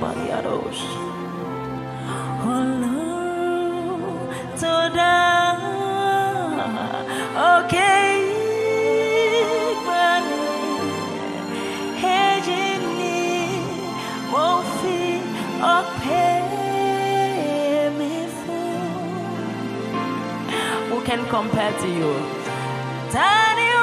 Hello, Okay. Who can compare to you?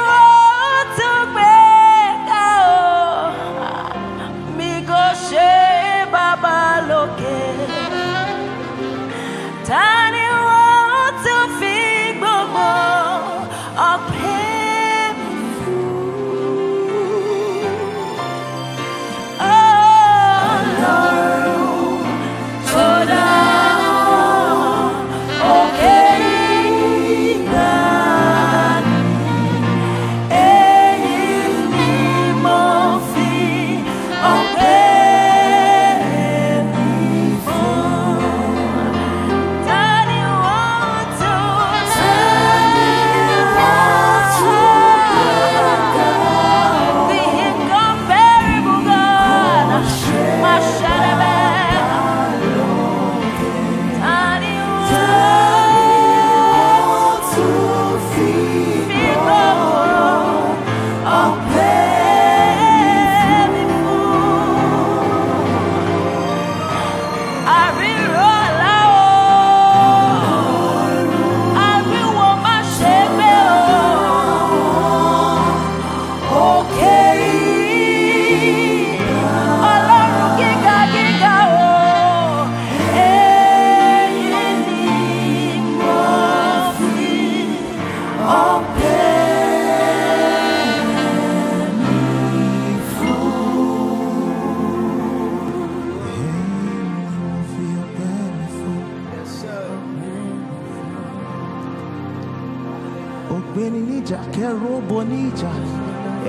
ọ̀gbẹ́ni níjà kẹrọbọ níjà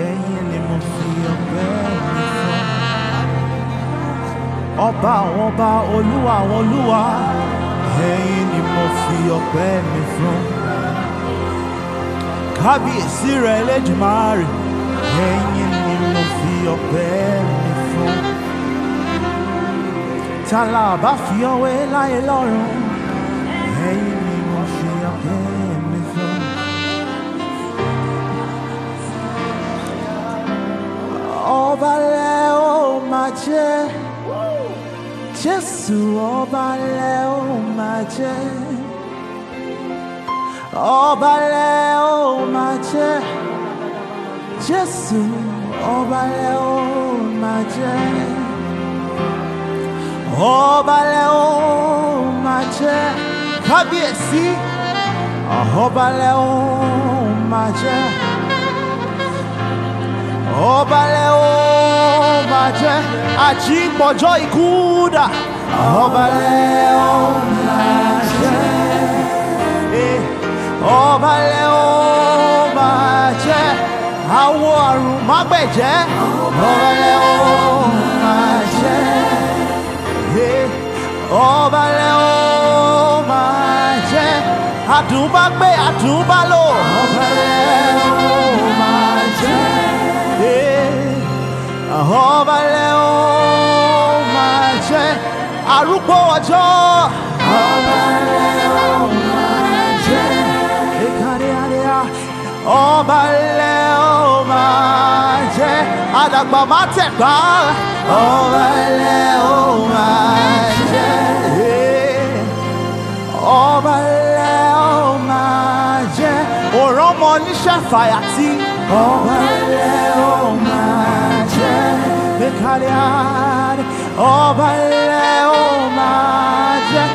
ẹ̀yin ni mo fi ọpẹ́ mi fún. ọba àwọn ọba olúwa àwọn olúwa ẹ̀yin ni mo fi ọpẹ́ mi fún. kábíyèsí rẹ̀ Elédùmarè ẹ̀yin ni mo fi ọpẹ́ mi fún. tálà bá fi ọwé láyé lọ́rùn ẹ̀yin ni. jẹ́ Jésù ọba lẹ ó máa jẹ́ ọba lẹ ó máa jẹ́ Jésù ọba lẹ ó máa jẹ́ ọba lẹ ó máa jẹ́ kábíyèsí ọba lẹ ó máa Ọbalẹ̀ ó máa jẹ́ àjíǹpọ̀jọ́ ikú dà. Ọbalẹ̀ ó máa jẹ́. Ọbalẹ̀ ó máa jẹ́. Àwọ̀ àrùn ó máa jẹ́. Ọbalẹ̀ ó máa jẹ́. Àdùn bá gbé àdùn lò. ọ balẹ̀ ó máa jẹ́ arúgbó ọjọ́. ọ balẹ̀ ó máa jẹ́ ìkàdéadéa. ọ balẹ̀ ó máa jẹ́ àdàgbà má tẹ̀gbá. ọ balẹ̀ ó máa jẹ́. ọ balẹ̀ ó máa jẹ́ òrànmọ́ oníṣẹ́ fàyàtì. ọ balẹ̀. Haliad, Ọba ilẹ̀ ó máa jẹ́,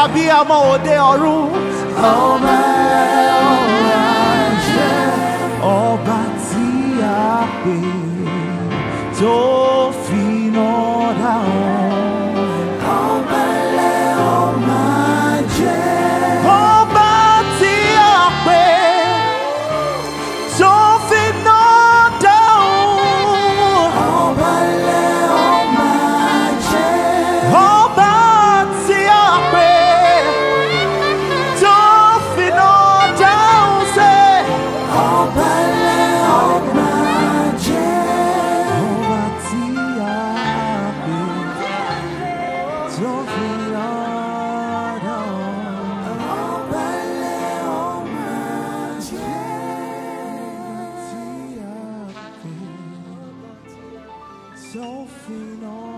àbí àmọ́ òde so free,